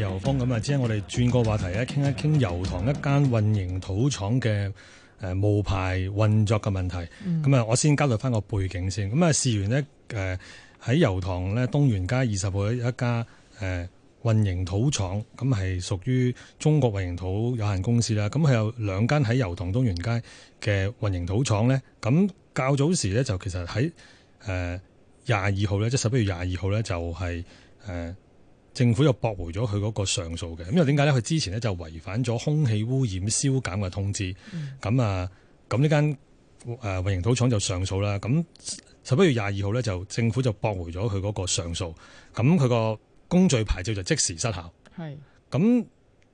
油荒咁啊！即係我哋轉個話題咧，傾一傾油塘一間混凝土廠嘅誒、呃、無牌運作嘅問題。咁、嗯、啊，我先交代翻個背景先。咁啊，事源呢，誒、呃、喺油塘咧東源街二十號一間誒、呃、混凝土廠，咁係屬於中國混凝土有限公司啦。咁係有兩間喺油塘東源街嘅混凝土廠咧。咁較早時咧就其實喺誒廿二號咧，即十一月廿二號咧就係、是、誒。呃政府又駁回咗佢嗰個上訴嘅，因為點解咧？佢之前咧就違反咗空氣污染消減嘅通知，咁啊，咁呢間誒混凝土廠就上訴啦。咁十一月廿二號咧，就政府就駁回咗佢嗰個上訴，咁佢個工序牌照就即時失效。係，咁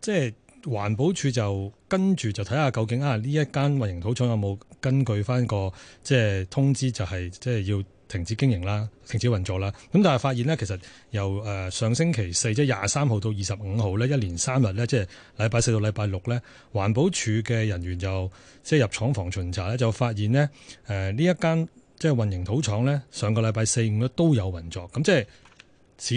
即係環保署就跟住就睇下究竟啊呢一間混凝土廠有冇根據翻個即係、就係、通知、就係，就係即係要。停止經營啦，停止運作啦。咁但係發現呢，其實由誒上星期四即係廿三號到二十五號呢，一連三日呢，即係禮拜四到禮拜六呢，環保署嘅人員就即係入廠房巡查呢，就發現呢，誒、呃、呢一間即係混凝土廠呢，上個禮拜四五都有運作，咁即係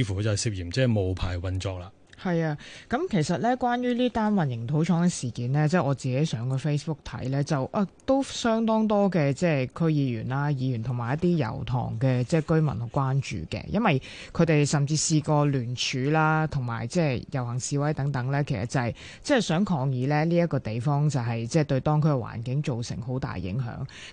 似乎佢就係涉嫌即係無牌運作啦。係啊，咁其實咧，關於呢單混凝土廠嘅事件呢，即係我自己上個 Facebook 睇呢，就啊都相當多嘅，即係區議員啦、議員同埋一啲油塘嘅即係居民去關注嘅，因為佢哋甚至試過聯署啦，同埋即係遊行示威等等呢，其實就係即係想抗議咧呢一個地方就係即係對當區嘅環境造成好大影響。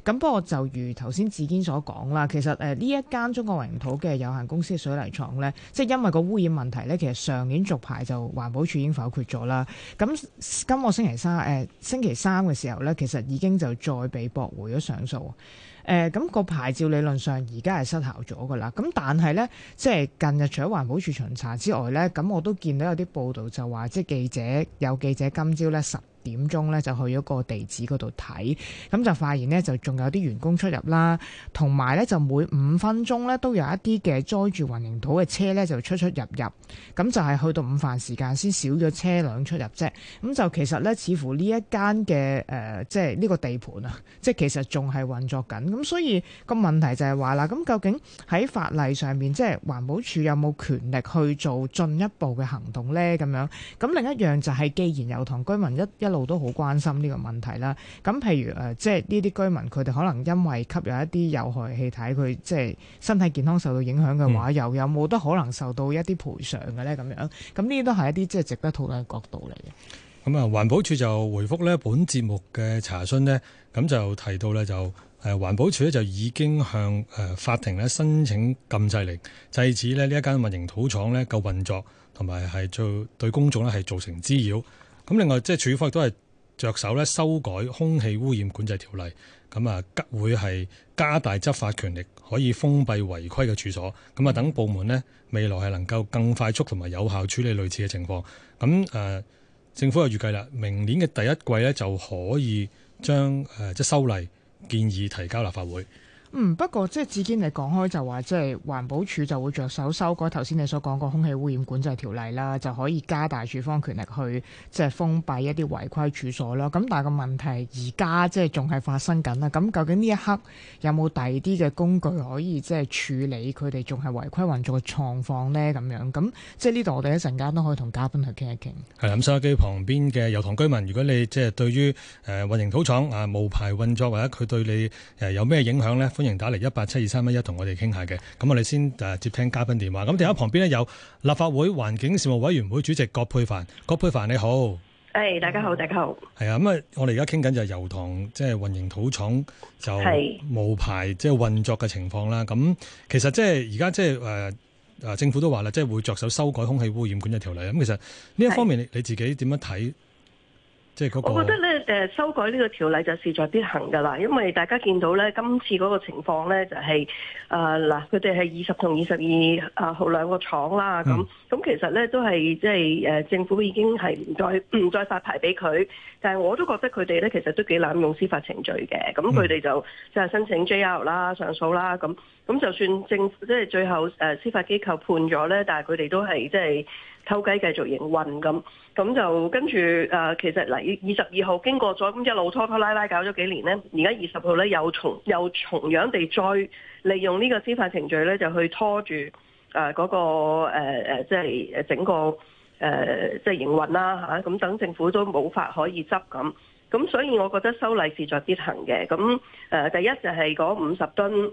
咁不過就如頭先志堅所講啦，其實誒呢一間中國混凝土嘅有限公司嘅水泥廠呢，即係因為個污染問題呢，其實上年續牌。就環保署已經否決咗啦。咁今個星期三，呃、星期三嘅時候咧，其實已經就再被駁回咗上訴。誒、呃，咁、個牌照理論上而家係失效咗噶啦。咁但係咧，即係近日除咗環保署巡查之外咧，咁我都見到有啲報道就話，即係記者有記者今朝咧十點鐘咧就去咗個地址嗰度睇，咁就發現呢，就仲有啲員工出入啦，同埋呢，就每五分鐘呢，都有一啲嘅載住混凝土嘅車呢，就出出入入，咁就係去到午飯時間先少咗車輛出入啫，咁就其實呢，似乎呢一間嘅、呃、即係呢個地盤啊，即係其實仲係運作緊，咁所以個問題就係話啦，咁究竟喺法例上面即係環保署有冇權力去做進一步嘅行動呢？咁樣咁另一樣就係既然有同居民一一路。都好關心呢個問題啦。咁譬如誒，即係呢啲居民，佢哋可能因為吸入一啲有害氣體，佢即係身體健康受到影響嘅話，嗯，又有冇得可能受到一啲賠償嘅呢？咁樣，咁呢啲都係一啲即係值得討論嘅角度嚟嘅。咁、嗯、啊，環保署就回覆呢本節目嘅查詢呢，咁就提到呢，就誒環保署呢就已經向誒法庭呢申請禁制令，制止呢呢一間混凝土廠呢夠運作，同埋係做對公眾呢係造成滋擾。咁另外即係署方亦都係着手咧修改空氣污染管制條例，咁啊會係加大執法權力，可以封閉違規嘅處所，咁啊等部門呢，未來係能夠更快速同埋有效處理類似嘅情況。咁誒政府又預計啦，明年嘅第一季呢，就可以將即係修例建議提交立法會。嗯，不過即係至堅你講開就話，即係環保署就會着手修改頭先你所講個空氣污染管制條例啦，就可以加大署方權力去即係封閉一啲違規處所啦。咁但係個問題而家即係仲係發生緊啦。咁究竟呢一刻有冇第二啲嘅工具可以即係處理佢哋仲係違規運作嘅狀況呢？咁樣咁即係呢度我哋一陣間都可以同嘉賓去傾一傾。係咁，收機旁邊嘅油塘居民，如果你即係對於誒混凝土廠啊無牌運作或者佢對你誒有咩影響呢？歡歡迎打嚟一八七二三一一同我哋傾下嘅。咁我哋先誒接聽嘉賓電話。咁電話旁邊呢，有立法會環境事務委員會主席葛珮帆。葛珮帆你好，誒、hey, 大家好，大家好，係啊。咁啊，我哋而家傾緊就係油塘即係混凝土廠就無牌即係運作嘅情況啦。咁其實即係而家即係誒誒，政府都話啦，即係會着手修改空氣污染管制條例。咁其實呢一方面，hey. 你自己點樣睇？即係嗰個。誒、呃、修改呢個條例就事在必行㗎啦，因為大家見到咧，今次嗰個情況咧就係誒嗱，佢哋係二十同二十二號兩個廠啦，咁、嗯、咁其實咧都係即係誒政府已經係唔再唔再發牌俾佢，但係我都覺得佢哋咧其實都幾濫用司法程序嘅，咁佢哋就即係申請 J.R. 啦、上訴啦，咁咁就算政即係、就是、最後誒、呃、司法機構判咗咧，但係佢哋都係即係偷雞繼續營運咁，咁就跟住誒其實嚟二十二號經過咗咁一路拖拖拉拉搞咗幾年咧，而家二十號咧又重又重樣地再利用呢個司法程序咧，就去拖住誒嗰個誒誒，即係誒整個誒即係營運啦吓，咁、呃就是啊、等政府都冇法可以執咁，咁所以我覺得修例是在必行嘅。咁誒、呃，第一就係嗰五十噸，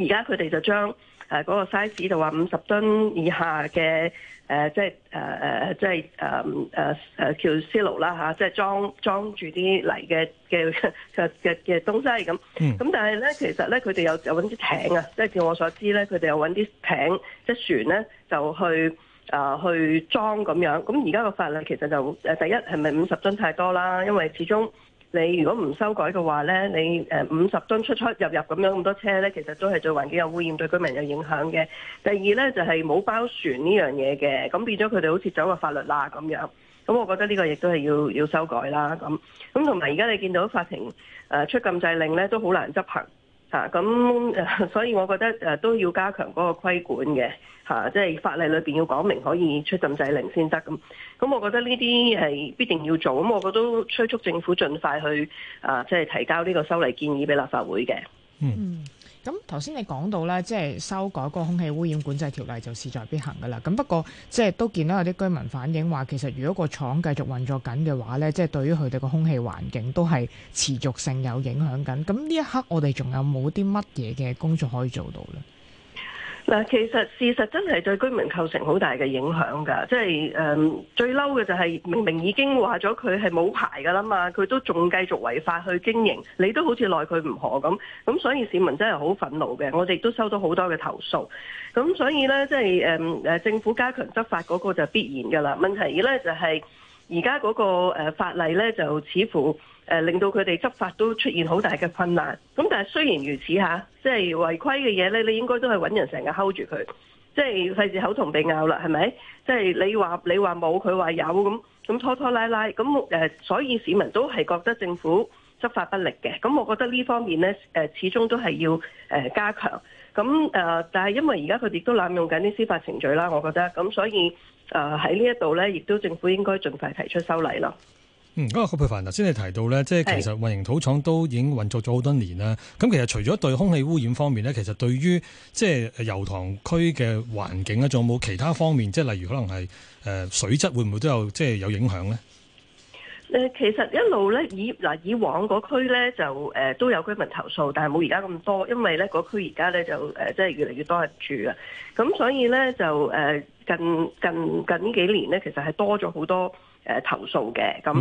而家佢哋就將。誒、那、嗰個 size 就話五十噸以下嘅誒、呃，即係誒、呃、即係誒叫 c i l o 啦，即係裝裝住啲泥嘅嘅嘅嘅嘅東西咁。咁、嗯、但係咧，其實咧，佢哋有有揾啲艇啊，即係照我所知咧，佢哋有揾啲艇，即係船咧就去啊、呃、去裝咁樣。咁而家個法例其實就第一係咪五十噸太多啦？因為始終。你如果唔修改嘅話呢，你誒五十噸出出入入咁樣咁多車呢，其實都係對環境有污染，對居民有影響嘅。第二呢，就係、是、冇包船呢樣嘢嘅，咁變咗佢哋好似走個法律啦咁樣。咁我覺得呢個亦都係要要修改啦。咁咁同埋而家你見到法庭誒出禁制令呢，都好難執行。啊，咁所以我覺得誒、啊、都要加強嗰個規管嘅，嚇、啊，即係法例裏邊要講明可以出禁制令先得咁。咁我覺得呢啲係必定要做，咁我覺得都催促政府盡快去啊，即係提交呢個修例建議俾立法會嘅，嗯。咁頭先你講到咧，即係修改個空氣污染管制條例就勢在必行㗎喇。咁不過即係都見到有啲居民反映話，其實如果個廠繼續運作緊嘅話咧，即係對於佢哋個空氣環境都係持續性有影響緊。咁呢一刻我哋仲有冇啲乜嘢嘅工作可以做到咧？嗱，其實事實真係對居民構成好大嘅影響㗎，即係誒最嬲嘅就係明明已經話咗佢係冇牌㗎啦嘛，佢都仲繼續違法去經營，你都好似奈佢唔何咁，咁所以市民真係好憤怒嘅，我哋都收到好多嘅投訴，咁所以呢，即係誒誒政府加強執法嗰個就必然㗎啦，問題呢就係而家嗰個誒法例呢，就似乎，誒令到佢哋執法都出現好大嘅困難，咁但係雖然如此下即係違規嘅嘢咧，你應該都係揾人成日睺住佢，即係費事口同鼻拗啦，係咪？即係你話你話冇，佢話有咁咁拖拖拉拉，咁所以市民都係覺得政府執法不力嘅，咁我覺得呢方面咧始終都係要加強，咁、呃、但係因為而家佢哋都濫用緊啲司法程序啦，我覺得，咁所以喺、呃、呢一度咧，亦都政府應該盡快提出修例啦。嗯，嗰個葛珮帆頭先你提到咧，即係其實混凝土廠都已經運作咗好多年啦。咁其實除咗對空氣污染方面咧，其實對於即係油塘區嘅環境咧，仲有冇其他方面？即係例如可能係、呃、水質會唔會都有即係有影響咧？其實一路咧，以嗱以往嗰區咧就、呃、都有居民投訴，但係冇而家咁多，因為咧嗰區而家咧就、呃、即係越嚟越多人住啊。咁所以咧就、呃、近近近幾年咧，其實係多咗好多。誒投訴嘅，咁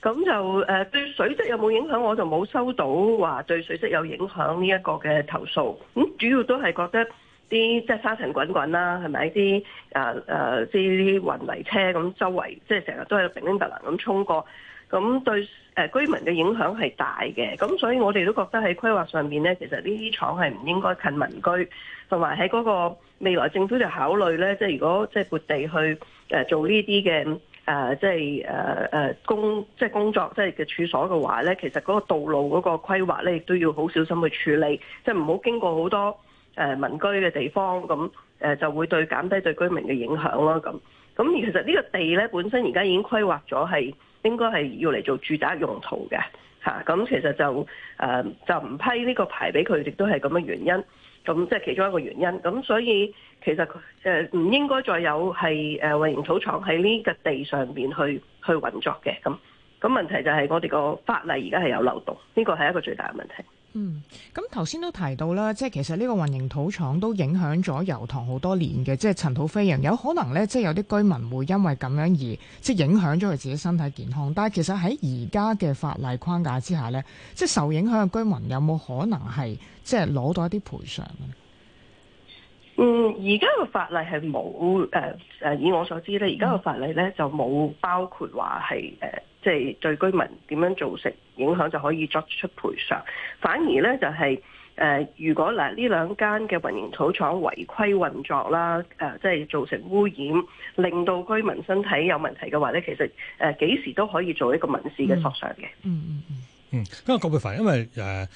咁就誒、呃、對水質有冇影響？我就冇收到話對水質有影響呢一個嘅投訴。咁、嗯、主要都係覺得啲即係沙塵滾滾啦，係咪啲即誒啲混泥車咁周圍即係成日都係叮叮噹噹咁衝過，咁對誒、呃、居民嘅影響係大嘅。咁所以我哋都覺得喺規劃上面咧，其實呢啲廠係唔應該近民居，同埋喺嗰個未來政府就考慮咧，即、就、係、是、如果即係撥地去誒、呃、做呢啲嘅。誒、呃，即係誒誒工，即係工作，即係嘅處所嘅話咧，其實嗰個道路嗰個規劃咧，亦都要好小心去處理，即係唔好經過好多誒、呃、民居嘅地方，咁誒、呃、就會對減低對居民嘅影響咯。咁咁而其實呢個地咧本身而家已經規劃咗係應該係要嚟做住宅用途嘅，嚇咁其實就誒、呃、就唔批呢個牌俾佢，亦都係咁嘅原因。咁即係其中一個原因，咁所以其實誒唔應該再有係誒混凝土廠喺呢個地上邊去去運作嘅，咁咁問題就係我哋個法例而家係有漏洞，呢個係一個最大嘅問題。嗯，咁頭先都提到啦，即係其實呢個混凝土廠都影響咗油塘好多年嘅，即係塵土飛揚，有可能呢，即係有啲居民會因為咁樣而即係影響咗佢自己身體健康。但係其實喺而家嘅法例框架之下呢，即係受影響嘅居民有冇可能係即係攞到一啲賠償呢？嗯，而家嘅法例係冇誒誒，以我所知咧，而家嘅法例呢就冇包括話係誒。呃即係對居民點樣造成影響就可以作出賠償，反而咧就係、是呃、如果嗱呢兩間嘅混凝土廠違規運作啦，誒、呃、即係造成污染，令到居民身體有問題嘅話咧，其實誒幾、呃、時都可以做一個民事嘅索償嘅。嗯嗯嗯。嗯，咁、嗯、啊，葛珮帆，因為誒、呃，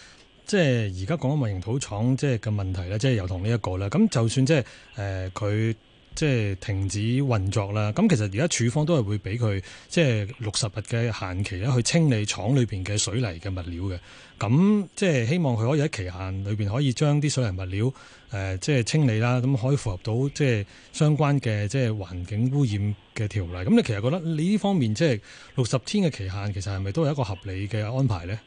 即係而家講緊混凝土廠即係嘅問題咧，即係又同呢、這、一個啦。咁就算即係誒佢。呃即係停止運作啦。咁其實而家處方都係會俾佢即係六十日嘅限期啦，去清理廠裏面嘅水泥嘅物料嘅。咁即係希望佢可以喺期限裏面可以將啲水泥物料誒即係清理啦。咁可以符合到即係相關嘅即係環境污染嘅條例。咁你其實覺得呢方面即係六十天嘅期限，其實係咪都係一個合理嘅安排呢？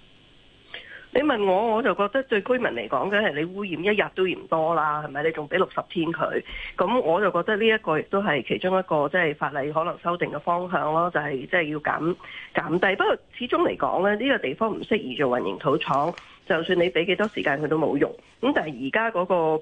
你問我，我就覺得對居民嚟講，梗係你污染一日都嫌多啦，係咪？你仲俾六十天佢，咁我就覺得呢一個亦都係其中一個即係、就是、法例可能修訂嘅方向咯，就係即係要減減低。不過始終嚟講咧，呢、這個地方唔適宜做混凝土廠，就算你俾幾多時間佢都冇用。咁但係而家嗰個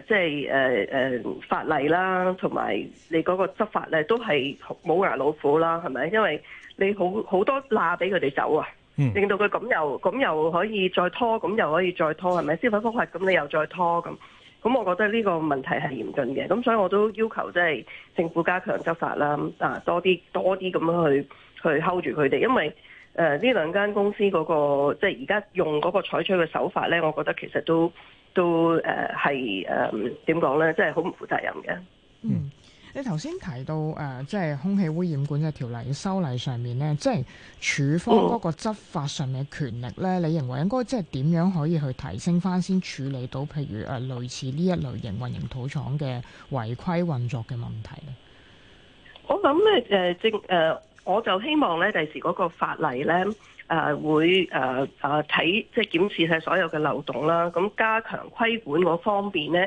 即係誒誒法例啦，同埋你嗰個執法咧，都係冇牙老虎啦，係咪？因為你好好多罅俾佢哋走啊！令到佢咁又咁又可以再拖，咁又可以再拖，係咪？司法覆核咁你又再拖咁，咁我覺得呢個問題係嚴峻嘅，咁所以我都要求即係政府加強執法啦，啊多啲多啲咁樣去去 hold 住佢哋，因為誒呢、呃、兩間公司嗰個即係而家用嗰個採取嘅手法咧，我覺得其實都都誒係誒點講咧，即係好唔負責任嘅，嗯。你頭先提到誒、呃，即係空氣污染管制條例修例上面咧，即係處方嗰個執法上面嘅權力呢、嗯，你認為應該即係點樣可以去提升返，先處理到譬如誒、呃、類似呢一類型混凝土廠嘅違規運作嘅問題咧？我諗呢，誒政誒，我就希望呢，第時嗰個法例呢，誒、呃、會誒誒睇即係檢視曬所有嘅漏洞啦，咁加強規管嗰方面呢。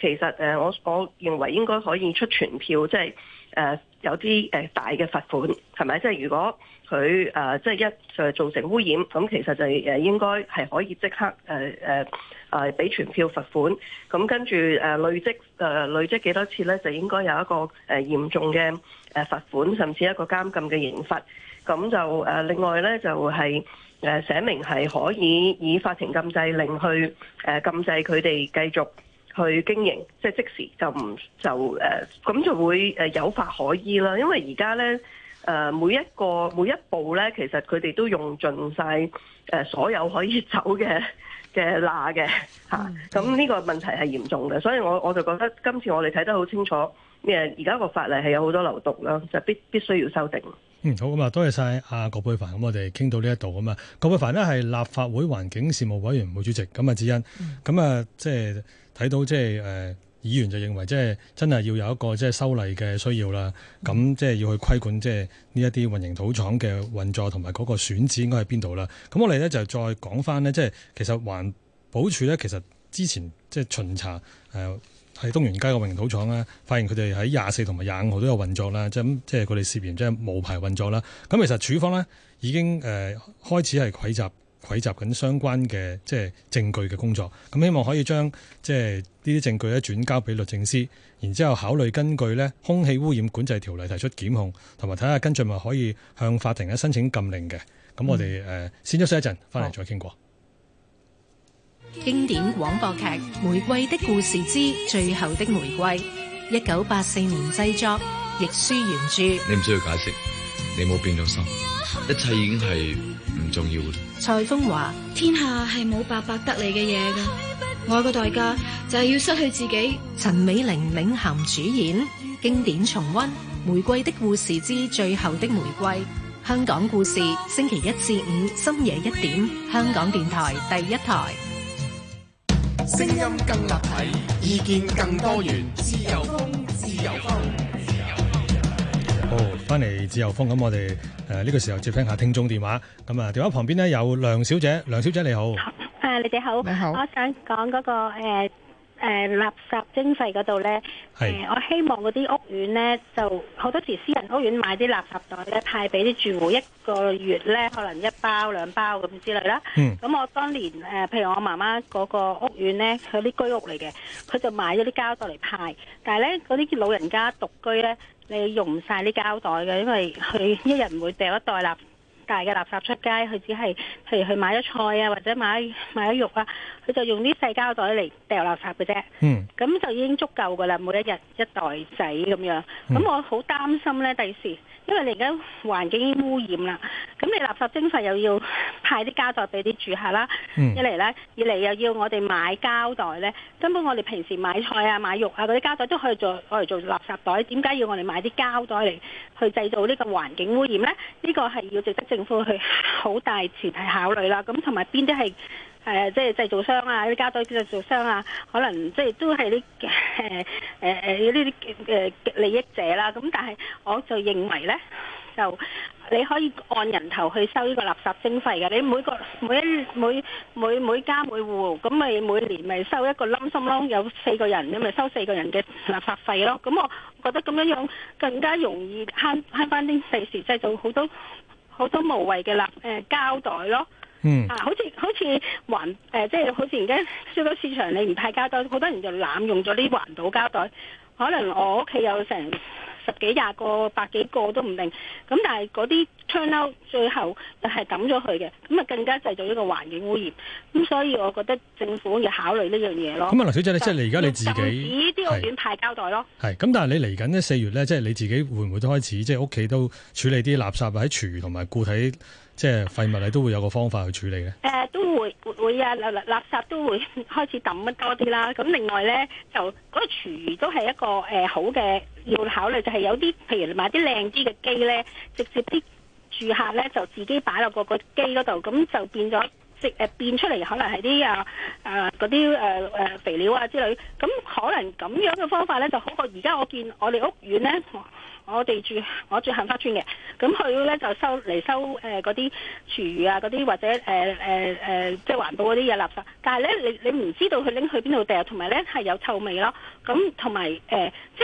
其實誒，我我認為應該可以出傳票，即係誒有啲誒大嘅罰款係咪？即係、即係、如果佢誒即係一誒造成污染，咁其實就誒應該係可以即刻誒誒誒俾傳票罰款。咁跟住誒累積誒累積幾多次咧，就應該有一個誒嚴重嘅誒罰款，甚至一個監禁嘅刑罰。咁就誒另外咧就係、係、誒寫明係可以以法庭禁制令去誒禁制佢哋繼續。去經營，即係即時就唔就誒，咁、呃、就會誒有法可依啦。因為而家咧誒每一個每一步咧，其實佢哋都用盡晒誒所有可以走嘅嘅罅嘅嚇。咁呢、啊嗯、個問題係嚴重嘅，所以我我就覺得今次我哋睇得好清楚誒，而家個法例係有好多流毒啦，就必必須要修訂。嗯，好咁啊，多謝晒阿葛珮帆。咁我哋傾到呢一度咁啊，葛珮帆呢係立法會環境事務委員會主席。咁啊，志恩，咁、嗯、啊，即係。睇到即係誒，議員就認為即係真係要有一個即係修例嘅需要啦。咁即係要去規管即係呢一啲混凝土廠嘅運作同埋嗰個選址應該喺邊度啦。咁我哋咧就再講翻咧，即係其實環保署咧，其實之前即係巡查誒喺東源街嘅混凝土廠咧，發現佢哋喺廿四同埋廿五號都有運作啦。即係即係佢哋涉嫌即係無牌運作啦。咁其實處方咧已經誒開始係蒐集。匯集緊相關嘅即係證據嘅工作，咁希望可以將即係呢啲證據咧轉交俾律政司，然之後考慮根據咧空氣污染管制條例提出檢控，同埋睇下跟進咪可以向法庭咧申請禁令嘅。咁我哋誒、嗯呃、先休息一陣，翻嚟再傾過。經典廣播劇《玫瑰的故事之最後的玫瑰》，一九八四年製作，亦舒原著。你唔需要解釋，你冇變咗心。一切已經係唔重要。蔡楓華，天下係冇白白得你嘅嘢噶，oh, 我嘅代價就係要失去自己。陳美玲領銜主演，經典重温《玫瑰的故事之最後的玫瑰》，香港故事，星期一至五深夜一點，香港電台第一台，聲音更立體，意見更多元，自由風，自由風。好、哦，翻嚟自由風，咁，我哋誒呢個時候接聽下聽眾電話。咁啊，電話旁邊呢有梁小姐，梁小姐你好，誒，你哋好，你好。我想講嗰、那個誒誒、呃呃、垃圾徵費嗰度呢，誒、呃，我希望嗰啲屋苑呢就好多時私人屋苑買啲垃圾袋呢派俾啲住戶一個月呢可能一包兩包咁之類啦。嗯。咁我當年誒、呃，譬如我媽媽嗰個屋苑呢，佢啲居屋嚟嘅，佢就買咗啲膠袋嚟派，但係呢，嗰啲老人家獨居呢。你用唔曬啲膠袋嘅，因為佢一日唔會掉一袋大嘅垃圾出街，佢只係譬如去買咗菜啊，或者買買咗肉啊，佢就用啲細膠袋嚟掉垃圾嘅啫。嗯，咁就已經足夠㗎啦，每一日一袋仔咁樣。咁我好擔心呢，第時。因為你而家環境污染啦，咁你垃圾徵費又要派啲膠袋俾啲住客啦，一嚟呢，二嚟又要我哋買膠袋呢。根本我哋平時買菜啊、買肉啊嗰啲膠袋都可以做，攞嚟做垃圾袋，點解要我哋買啲膠袋嚟去製造呢個環境污染呢？呢個係要值得政府去好大前提考慮啦。咁同埋邊啲係？係啊，即係製造商啊，啲膠袋製造商啊，可能即係都係啲誒誒誒，呢啲誒利益者啦。咁但係我就認為咧，就你可以按人頭去收呢個垃圾徵費嘅。你每個每一每每每家每戶咁咪每年咪收一個冧心窿，有四個人你咪收四個人嘅垃圾費咯。咁我覺得咁樣樣更加容易慳慳翻啲費事，製造好多好多無謂嘅垃圾膠袋咯。嗯， 啊，好似好似環誒，即、呃、係、即係、好似而家少到市場你唔，你唔派膠袋，好多人就濫用咗啲環保膠袋。可能我屋企有成十幾廿個、百幾個都唔定。咁但係嗰啲。最後就係抌咗佢嘅，咁啊更加製造一個環境污染。咁所以我覺得政府要考慮呢樣嘢咯。咁、嗯、啊，劉小姐即你即係你而家你自己，啲屋苑派交代咯。咁，但係你嚟緊咧四月咧，即係你自己會唔會都開始即係屋企都處理啲垃圾喺廚餘同埋固體即係廢物，你都會有個方法去處理嘅。誒、呃，都會會啊，垃圾都會開始抌得多啲啦。咁另外咧，就嗰、那個廚餘都係一個、呃、好嘅要考慮就，就係有啲譬如買啲靚啲嘅機咧，直接啲。住客咧就自己擺落個個機嗰度，咁就變咗即變出嚟，可能係啲啊嗰啲、啊、肥料啊之類，咁可能咁樣嘅方法咧就好過而家我見我哋屋苑咧，我我哋住我住杏花村嘅，咁佢咧就收嚟收嗰啲、呃、廚餘啊嗰啲或者、呃呃、即係環保嗰啲嘢垃圾，但係咧你你唔知道佢拎去邊度掟，同埋咧係有臭味咯，咁同埋即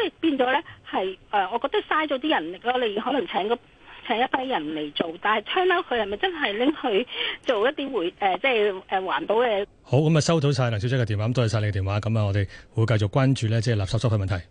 係變咗咧係我覺得嘥咗啲人力咯，你可能請個請一批人嚟做，但係窗啦，佢係咪真係拎去做一啲回？誒、呃，即係誒環保嘅嘢，好咁啊！收到晒梁小姐嘅電話，咁多謝晒你嘅電話。咁啊，我哋會繼續關注咧，即係垃圾收費問題。